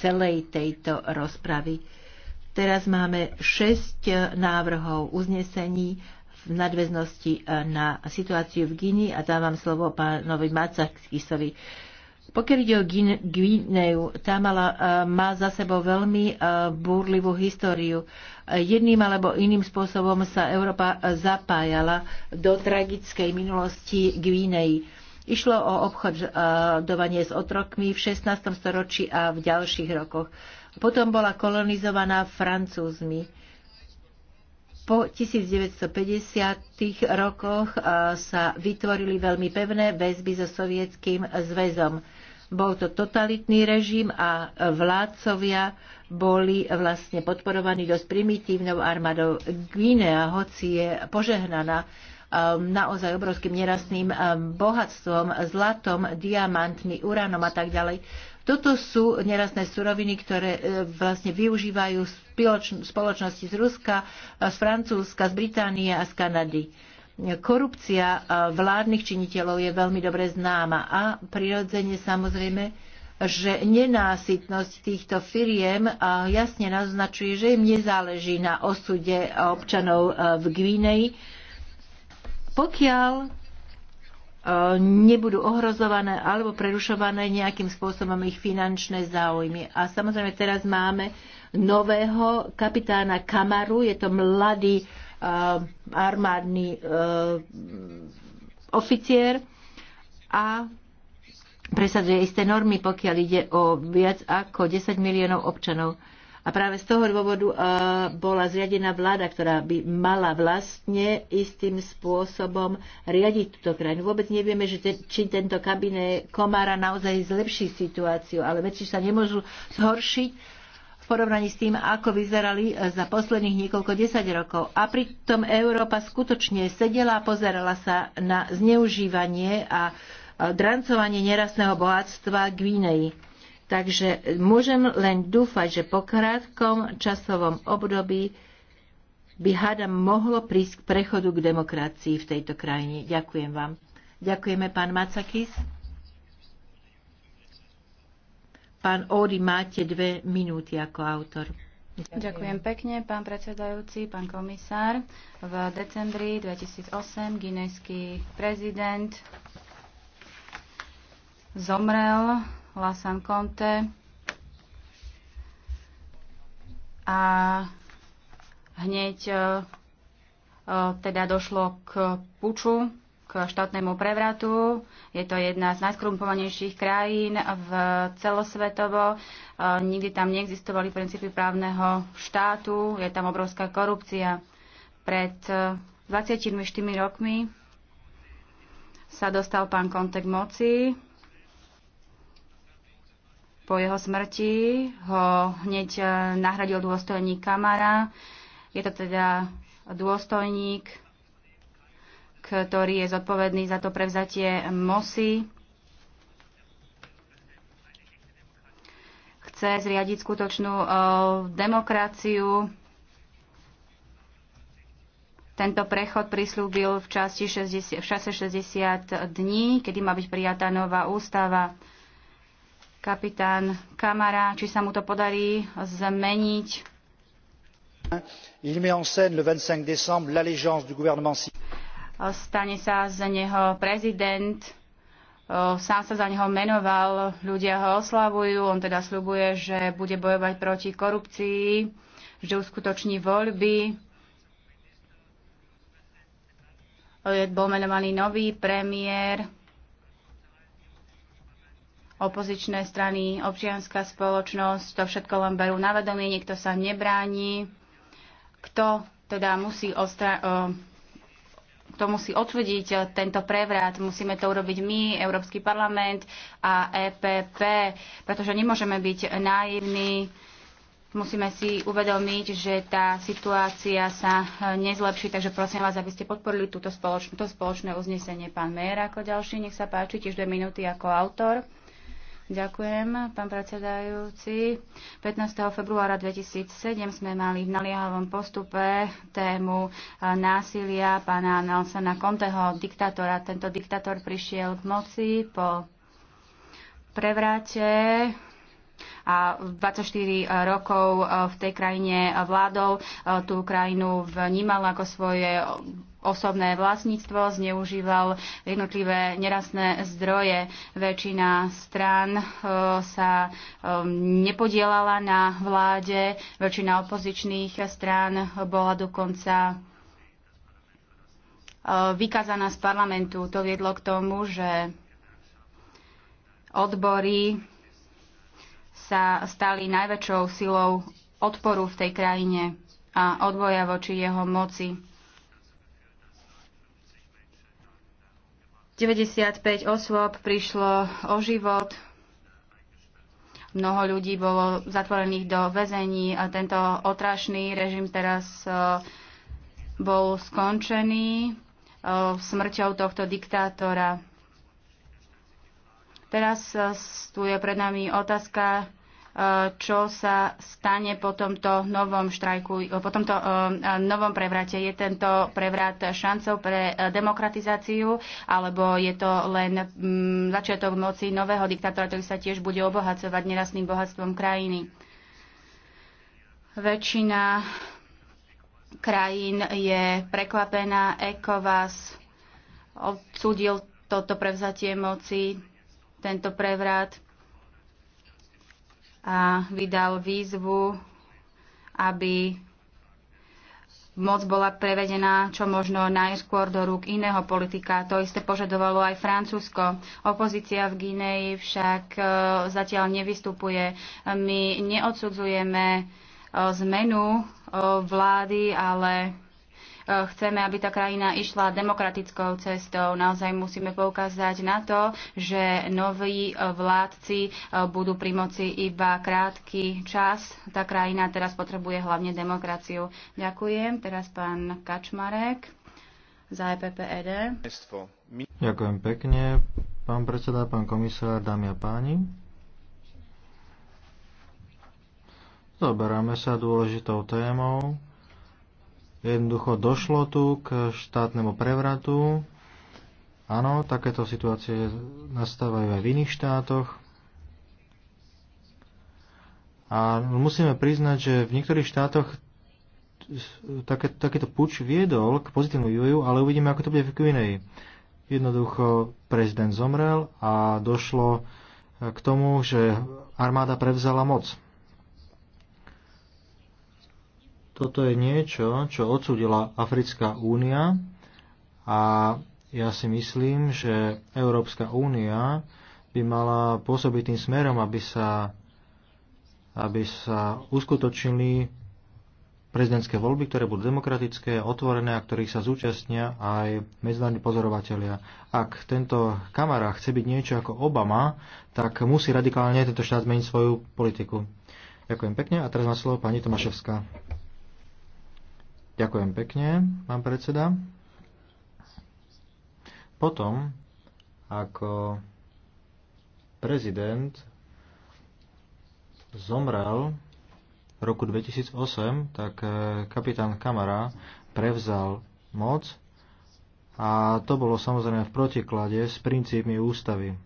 celej tejto rozpravy. Teraz máme 6 eh, návrhov uznesení v nadväznosti eh, na situáciu v Gini a dávam slovo pánovi Macakisovi. Pokiaľ ide o Gvineu, tá mala, eh, má za sebou veľmi búrlivú históriu. Jedným alebo iným spôsobom sa Európa zapájala do tragickej minulosti Guinei Išlo o obchodovanie s otrokmi v 16. storočí a v ďalších rokoch. Potom bola kolonizovaná Francúzmi. Po 1950. rokoch sa vytvorili veľmi pevné väzby so sovietským zväzom. Bol to totalitný režim a vládcovia boli vlastne podporovaní dosť primitívnou armádou. Guinea, hoci je požehnaná, Um, naozaj obrovským nerastným um, bohatstvom, zlatom, diamantmi, uranom a tak ďalej. Toto sú nerastné suroviny, ktoré e, vlastne využívajú spoločnosti z Ruska, e, z Francúzska, z Británie a z Kanady korupcia e, vládnych činiteľov je veľmi dobre známa a prirodzene samozrejme, že nenásytnosť týchto firiem jasne naznačuje, že im nezáleží na osude občanov v Gvineji, pokiaľ e, nebudú ohrozované alebo prerušované nejakým spôsobom ich finančné záujmy. A samozrejme teraz máme nového kapitána Kamaru, je to mladý uh, armádny uh, oficiér a presadzuje isté normy, pokiaľ ide o viac ako 10 miliónov občanov. A práve z toho dôvodu eh, bola zriadená vláda, ktorá by mala vlastne istým spôsobom riadiť túto krajinu. Vôbec nevieme, že te, či tento kabinet Komára naozaj zlepší situáciu, ale veci sa nemôžu zhoršiť v porovnaní s tým, ako vyzerali eh, za posledných niekoľko desať rokov. A pritom Európa skutočne sedela a pozerala sa na zneužívanie a eh, drancovanie nerastného bohatstva Gvineji Takže môžem len dúfať, že po krátkom časovom období by hádam mohlo prísť k prechodu k demokracii v tejto krajine. Ďakujem vám. Ďakujeme, pán Macakis. Pán Ori máte dve minúty ako autor. Ďakujem. Ďakujem pekne, pán predsedajúci, pán komisár. V decembri 2008 guinejský prezident zomrel Lasan Conte a hneď e, e, teda došlo k puču, k štátnemu prevratu. Je to jedna z najskorumpovanejších krajín v celosvetovo. E, nikdy tam neexistovali princípy právneho štátu. Je tam obrovská korupcia. Pred 24 rokmi sa dostal pán Kontek moci po jeho smrti ho hneď e, nahradil dôstojník Kamara. Je to teda dôstojník, ktorý je zodpovedný za to prevzatie Mosy. Chce zriadiť skutočnú e, demokraciu. Tento prechod prislúbil v, časti 60, v čase 60 dní, kedy má byť prijatá nová ústava kapitán Kamara, či sa mu to podarí zmeniť. Il met en scène le 25 décembre l'allégeance du gouvernement Stane sa z neho prezident, sám sa za neho menoval, ľudia ho oslavujú, on teda slubuje, že bude bojovať proti korupcii, že uskutoční voľby. Bol menovaný nový premiér, opozičné strany, občianská spoločnosť, to všetko len berú na vedomie, niekto sa nebráni. Kto teda musí ostra- to musí odsúdiť tento prevrat. Musíme to urobiť my, Európsky parlament a EPP, pretože nemôžeme byť naivní. Musíme si uvedomiť, že tá situácia sa e, nezlepší, takže prosím vás, aby ste podporili túto spoločn- to spoločné uznesenie. Pán Mér ako ďalší, nech sa páči, tiež dve minúty ako autor. Ďakujem, pán predsedajúci. 15. februára 2007 sme mali v naliehavom postupe tému eh, násilia pána Nelsona Conteho, diktátora. Tento diktátor prišiel k moci po prevrate a 24 eh, rokov eh, v tej krajine vládol. Tú krajinu vnímal ako svoje osobné vlastníctvo, zneužíval jednotlivé nerastné zdroje. Väčšina strán e, sa e, nepodielala na vláde, väčšina opozičných strán bola dokonca e, vykázaná z parlamentu. To viedlo k tomu, že odbory sa stali najväčšou silou odporu v tej krajine a odboja voči jeho moci. 95 osôb prišlo o život, mnoho ľudí bolo zatvorených do väzení a tento otrašný režim teraz e, bol skončený e, smrťou tohto diktátora. Teraz e, tu je pred nami otázka, E, čo sa stane po tomto novom štrajku, e, po tomto e, novom prevrate. Je tento prevrat šancov pre demokratizáciu, alebo je to len mm, začiatok moci nového diktátora, ktorý sa tiež bude obohacovať nerastným bohatstvom krajiny? Väčšina krajín je prekvapená. vás odsudil toto prevzatie moci, tento prevrat a vydal výzvu, aby moc bola prevedená čo možno najskôr do rúk iného politika. To isté požadovalo aj Francúzsko. Opozícia v Gineji však e, zatiaľ nevystupuje. My neodsudzujeme e, zmenu e, vlády, ale E, chceme, aby tá krajina išla demokratickou cestou. Naozaj musíme poukázať na to, že noví e, vládci e, budú pri moci iba krátky čas. Tá krajina teraz potrebuje hlavne demokraciu. Ďakujem. Teraz pán Kačmarek za EPPED. Ďakujem pekne, pán predseda, pán komisár, dámy a páni. Zoberáme sa dôležitou témou, Jednoducho došlo tu k štátnemu prevratu. Áno, takéto situácie nastávajú aj v iných štátoch. A musíme priznať, že v niektorých štátoch také, takýto puč viedol k pozitívnu vývoju, ale uvidíme, ako to bude v kvinej. Jednoducho prezident zomrel a došlo k tomu, že armáda prevzala moc. Toto je niečo, čo odsudila Africká únia a ja si myslím, že Európska únia by mala pôsobiť tým smerom, aby sa, aby sa uskutočnili prezidentské voľby, ktoré budú demokratické, otvorené a ktorých sa zúčastnia aj medzinárodní pozorovatelia. Ak tento kamara chce byť niečo ako Obama, tak musí radikálne tento štát zmeniť svoju politiku. Ďakujem pekne a teraz má slovo pani Tomaševská. Ďakujem pekne, pán predseda. Potom, ako prezident zomrel v roku 2008, tak e, kapitán Kamara prevzal moc a to bolo samozrejme v protiklade s princípmi ústavy.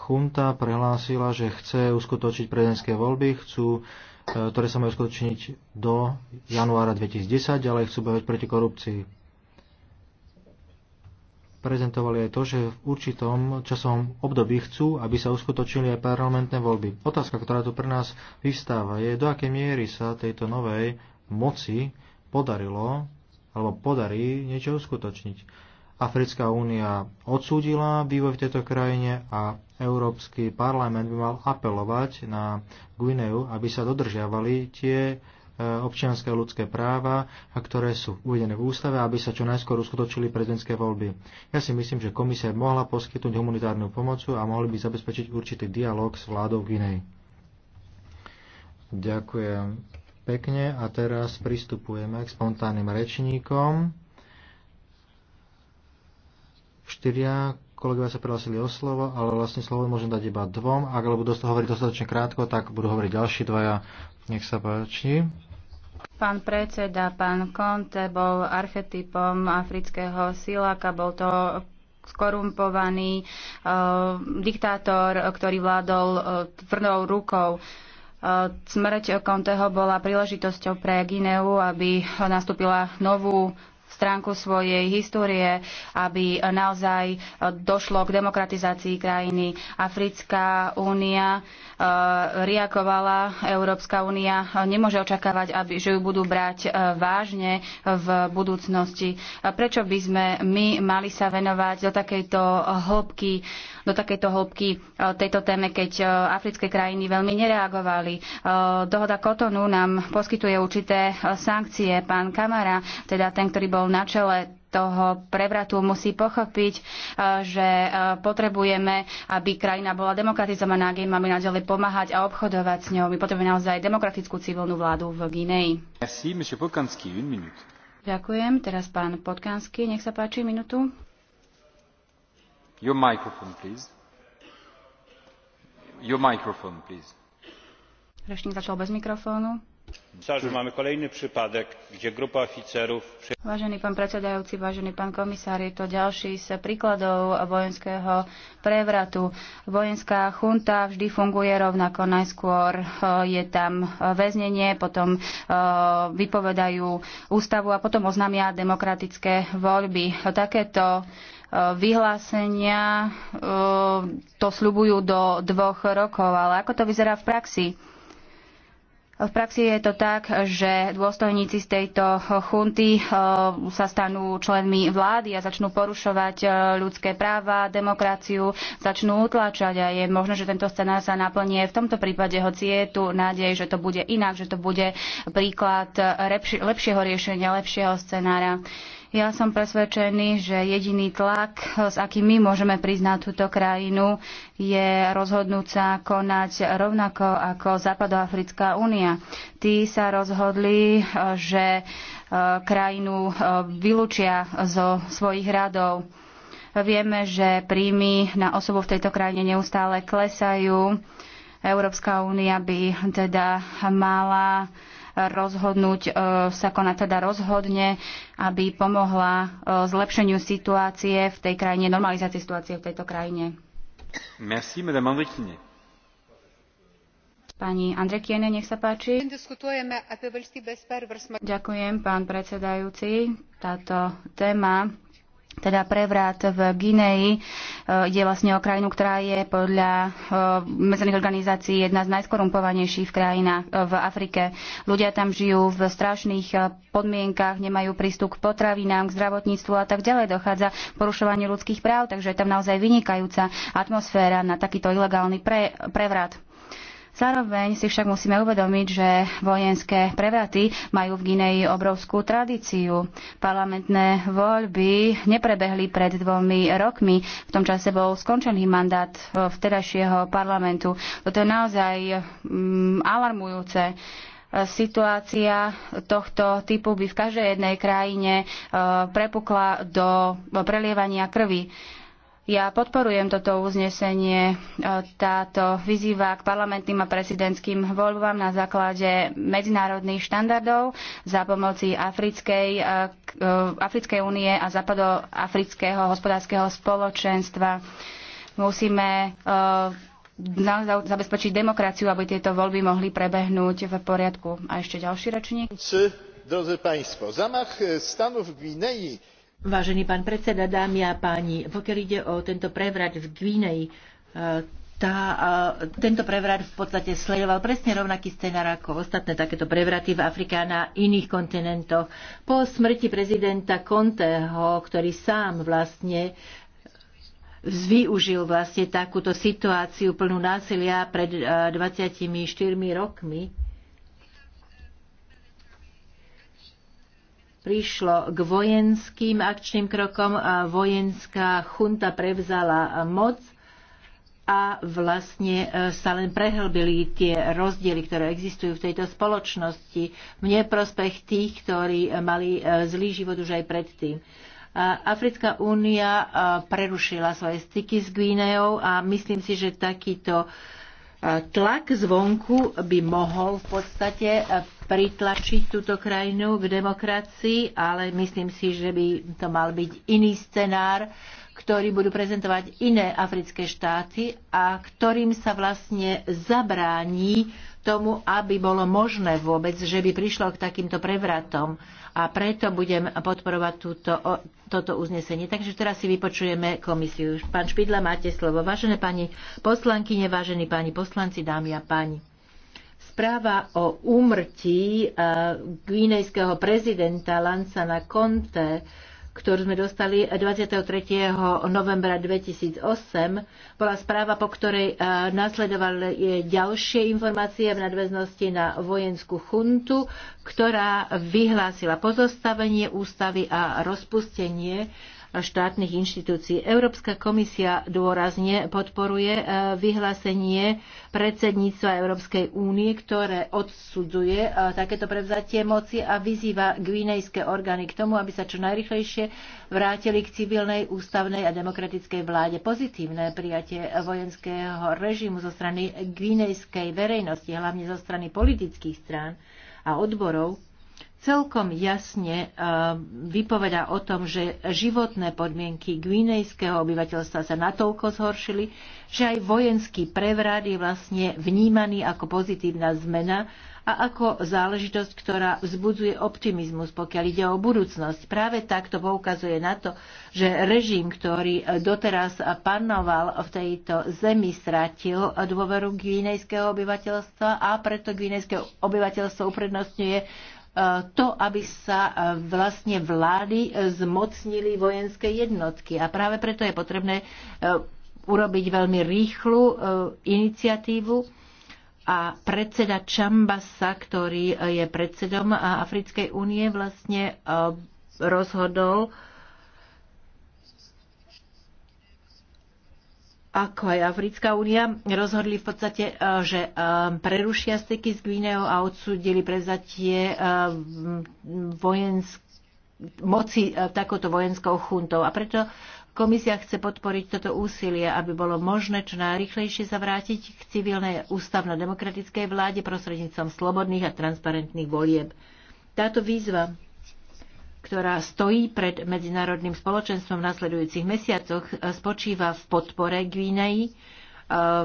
Chunta prehlásila, že chce uskutočiť prezidentské voľby, chcú E, ktoré sa majú skutočniť do januára 2010, ale chcú bojovať proti korupcii. Prezentovali aj to, že v určitom časovom období chcú, aby sa uskutočili aj parlamentné voľby. Otázka, ktorá tu pre nás vystáva, je do akej miery sa tejto novej moci podarilo alebo podarí niečo uskutočniť. Africká únia odsúdila vývoj v tejto krajine a Európsky parlament by mal apelovať na Guineu, aby sa dodržiavali tie e, občianské ľudské práva, a ktoré sú uvedené v ústave, aby sa čo najskôr uskutočili prezidentské voľby. Ja si myslím, že komisia mohla poskytnúť humanitárnu pomocu a mohli by zabezpečiť určitý dialog s vládou Guinei. Ďakujem pekne a teraz pristupujeme k spontánnym rečníkom. Štyria kolegovia sa prihlásili o slovo, ale vlastne slovo môžem dať iba dvom. Ak alebo dosť hovorí dostatočne krátko, tak budú hovoriť ďalší dvaja. Nech sa páči. Pán predseda, pán Conte bol archetypom afrického siláka, bol to skorumpovaný uh, diktátor, ktorý vládol uh, tvrdou rukou. Uh, smrť Conteho bola príležitosťou pre Gineu, aby nastúpila novú stránku svojej histórie, aby naozaj došlo k demokratizácii krajiny. Africká únia e, reagovala, Európska únia nemôže očakávať, aby, že ju budú brať e, vážne v budúcnosti. Prečo by sme my mali sa venovať do takejto hĺbky, do takejto hĺbky e, tejto téme, keď africké krajiny veľmi nereagovali. Dohoda Kotonu nám poskytuje určité sankcie. Pán Kamara, teda ten, ktorý bol bol na čele toho prevratu musí pochopiť, e, že e, potrebujeme, aby krajina bola demokratizovaná, ak máme naďalej pomáhať a obchodovať s ňou. My potrebujeme naozaj demokratickú civilnú vládu v Gineji. Ďakujem. Teraz pán podkanský, nech sa páči, minútu. Your microphone, please. Your microphone, please. Rešník začal bez mikrofónu. Vážený pán predsedajúci, vážený pán komisár, je to ďalší z príkladov vojenského prevratu. Vojenská chunta vždy funguje rovnako. Najskôr eh, je tam väznenie, potom eh, vypovedajú ústavu a potom oznámia demokratické voľby. Takéto eh, vyhlásenia to sľubujú do dvoch rokov, ale ako to vyzerá v praxi? V praxi je to tak, že dôstojníci z tejto chunty eh, sa stanú členmi vlády a začnú porušovať eh, ľudské práva, demokraciu, začnú utlačať a je možné, že tento scenár sa naplní v tomto prípade, hoci je tu nádej, že to bude inak, že to bude príklad eh, lepšieho riešenia, lepšieho scenára. Ja som presvedčený, že jediný tlak, s akým my môžeme priznať túto krajinu, je rozhodnúť sa konať rovnako ako Západoafrická únia. Tí sa rozhodli, že e, krajinu e, vylúčia zo svojich radov. Vieme, že príjmy na osobu v tejto krajine neustále klesajú. Európska únia by teda mala rozhodnúť, e, sa konať teda rozhodne, aby pomohla e, zlepšeniu situácie v tej krajine, normalizácii situácie v tejto krajine. Merci, madame Andrikine. Pani Andrekiene, nech sa páči. Ďakujem, pán predsedajúci. Táto téma teda prevrat v Gineji. E, ide vlastne o krajinu, ktorá je podľa e, medzených organizácií jedna z najskorumpovanejších krajinách e, v Afrike. Ľudia tam žijú v strašných podmienkach, nemajú prístup k potravinám, k zdravotníctvu a tak ďalej. Dochádza porušovanie ľudských práv, takže je tam naozaj vynikajúca atmosféra na takýto ilegálny pre, prevrat. Zároveň si však musíme uvedomiť, že vojenské prevraty majú v Gineji obrovskú tradíciu. Parlamentné voľby neprebehli pred dvomi rokmi. V tom čase bol skončený mandát e, vtedajšieho parlamentu. Toto je naozaj mm, alarmujúce e, situácia tohto typu by v každej jednej krajine e, prepukla do prelievania krvi. Ja podporujem toto uznesenie. E, Táto vyzýva k parlamentným a prezidentským voľbám na základe medzinárodných štandardov za pomoci Africkej, e, e, Africkej únie a Západoafrického hospodárskeho spoločenstva. Musíme zabezpečiť demokraciu, aby tieto voľby mohli prebehnúť v poriadku. A ešte ďalší rečník. Drodzy Państwo, zamach stanu w Gwinei Vážený pán predseda, dámy a páni, pokiaľ ide o tento prevrat v Gvineji, e, tá, e, tento prevrat v podstate sledoval presne rovnaký scenár ako ostatné takéto prevraty v Afrike a na iných kontinentoch. Po smrti prezidenta Conteho, ktorý sám vlastne využil vlastne takúto situáciu plnú násilia pred 24 e, rokmi, prišlo k vojenským akčným krokom a vojenská chunta prevzala moc a vlastne e, sa len prehlbili tie rozdiely, ktoré existujú v tejto spoločnosti v neprospech tých, ktorí mali e, zlý život už aj predtým. E, Africká únia prerušila svoje styky s Guineou a myslím si, že takýto uh, tlak zvonku by mohol v podstate eh, pritlačiť túto krajinu k demokracii, ale myslím si, že by to mal byť iný scenár, ktorý budú prezentovať iné africké štáty a ktorým sa vlastne zabráni tomu, aby bolo možné vôbec, že by prišlo k takýmto prevratom. A preto budem podporovať túto, toto uznesenie. Takže teraz si vypočujeme komisiu. Pán Špidla, máte slovo. Vážené pani poslankyne, vážení pani poslanci, dámy a páni správa o úmrtí uh, eh, guinejského prezidenta Lansana Conte ktorú sme dostali 23. novembra 2008, bola správa, po ktorej e, nasledovali ďalšie informácie v nadväznosti na vojenskú chuntu, ktorá vyhlásila pozostavenie ústavy a rozpustenie štátnych inštitúcií. Európska komisia dôrazne podporuje e, vyhlásenie predsedníctva Európskej únie, ktoré odsudzuje e, takéto prevzatie moci a vyzýva gvinejské orgány k tomu, aby sa čo najrychlejšie vrátili k civilnej, ústavnej a demokratickej vláde. Pozitívne prijatie vojenského režimu zo strany gvinejskej verejnosti, hlavne zo strany politických strán a odborov, celkom jasne e, vypovedá o tom, že životné podmienky gvinejského obyvateľstva sa natoľko zhoršili, že aj vojenský prevrat je vlastne vnímaný ako pozitívna zmena a ako záležitosť, ktorá vzbudzuje optimizmus, pokiaľ ide o budúcnosť. Práve takto poukazuje na to, že režim, ktorý doteraz panoval v tejto zemi, stratil dôveru gvinejského obyvateľstva a preto gvinejské obyvateľstvo uprednostňuje E, to, aby sa e, vlastne vlády e, zmocnili vojenské jednotky. A práve preto je potrebné urobiť veľmi rýchlu iniciatívu a predseda Čambasa, ktorý je predsedom Africkej únie, vlastne rozhodol ako aj Africká únia, rozhodli v podstate, e, že e, prerušia styky s Gvineou a odsúdili prevzatie e, vojensk- moci takouto vojenskou chuntou. A preto Komisia chce podporiť toto úsilie, aby bolo možné čo najrychlejšie sa vrátiť k civilnej ústavno-demokratickej vláde prostredníctvom slobodných a transparentných volieb. Táto výzva ktorá stojí pred medzinárodným spoločenstvom v nasledujúcich mesiacoch, e, spočíva v podpore Gvineji, e,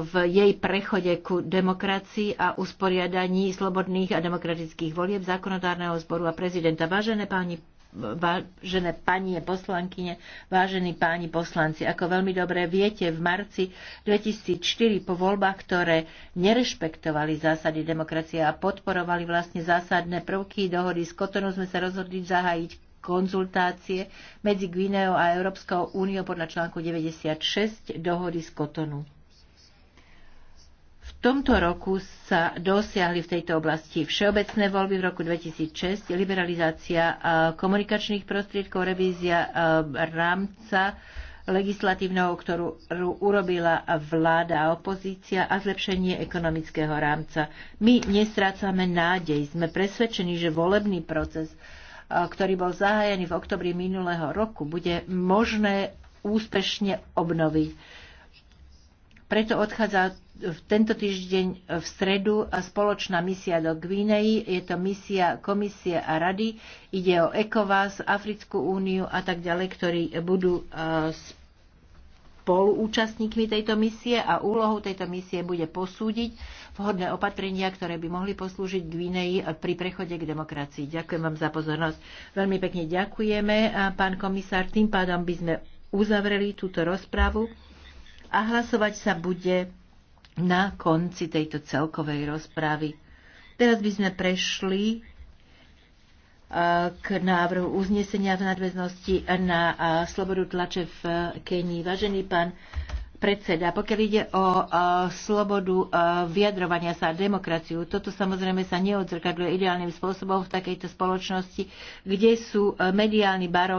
v jej prechode ku demokracii a usporiadaní slobodných a demokratických volieb zákonodárneho zboru a prezidenta. Vážené páni vážené panie poslankyne, vážení páni poslanci, ako veľmi dobre viete, v marci 2004 po voľbách, ktoré nerešpektovali zásady demokracie a podporovali vlastne zásadné prvky dohody s Kotonou, sme sa rozhodli zahájiť konzultácie medzi Gvineou a Európskou úniou podľa článku 96 dohody z Kotonu tomto roku sa dosiahli v tejto oblasti všeobecné voľby v roku 2006, liberalizácia e, komunikačných prostriedkov, revízia e, rámca legislatívneho, ktorú urobila vláda a opozícia a zlepšenie ekonomického rámca. My nestrácame nádej. Sme presvedčení, že volebný proces, e, ktorý bol zahájený v oktobri minulého roku, bude možné úspešne obnoviť. Preto odchádza v tento týždeň v stredu spoločná misia do Gvineji. Je to misia komisie a rady. Ide o ECOVAS, Africkú úniu a tak ďalej, ktorí budú e, spoluúčastníkmi tejto misie a úlohou tejto misie bude posúdiť vhodné opatrenia, ktoré by mohli poslúžiť Gvineji pri prechode k demokracii. Ďakujem vám za pozornosť. Veľmi pekne ďakujeme, pán komisár. Tým pádom by sme uzavreli túto rozpravu a hlasovať sa bude na konci tejto celkovej rozpravy. Teraz by sme prešli e, k návrhu uznesenia v nadväznosti na e, slobodu tlače v e, Kenii. Vážený pán predseda. Pokiaľ ide o slobodu vyjadrovania sa a demokraciu, toto samozrejme sa neodzrkadluje ideálnym spôsobom v takejto spoločnosti, kde sú mediálni baroni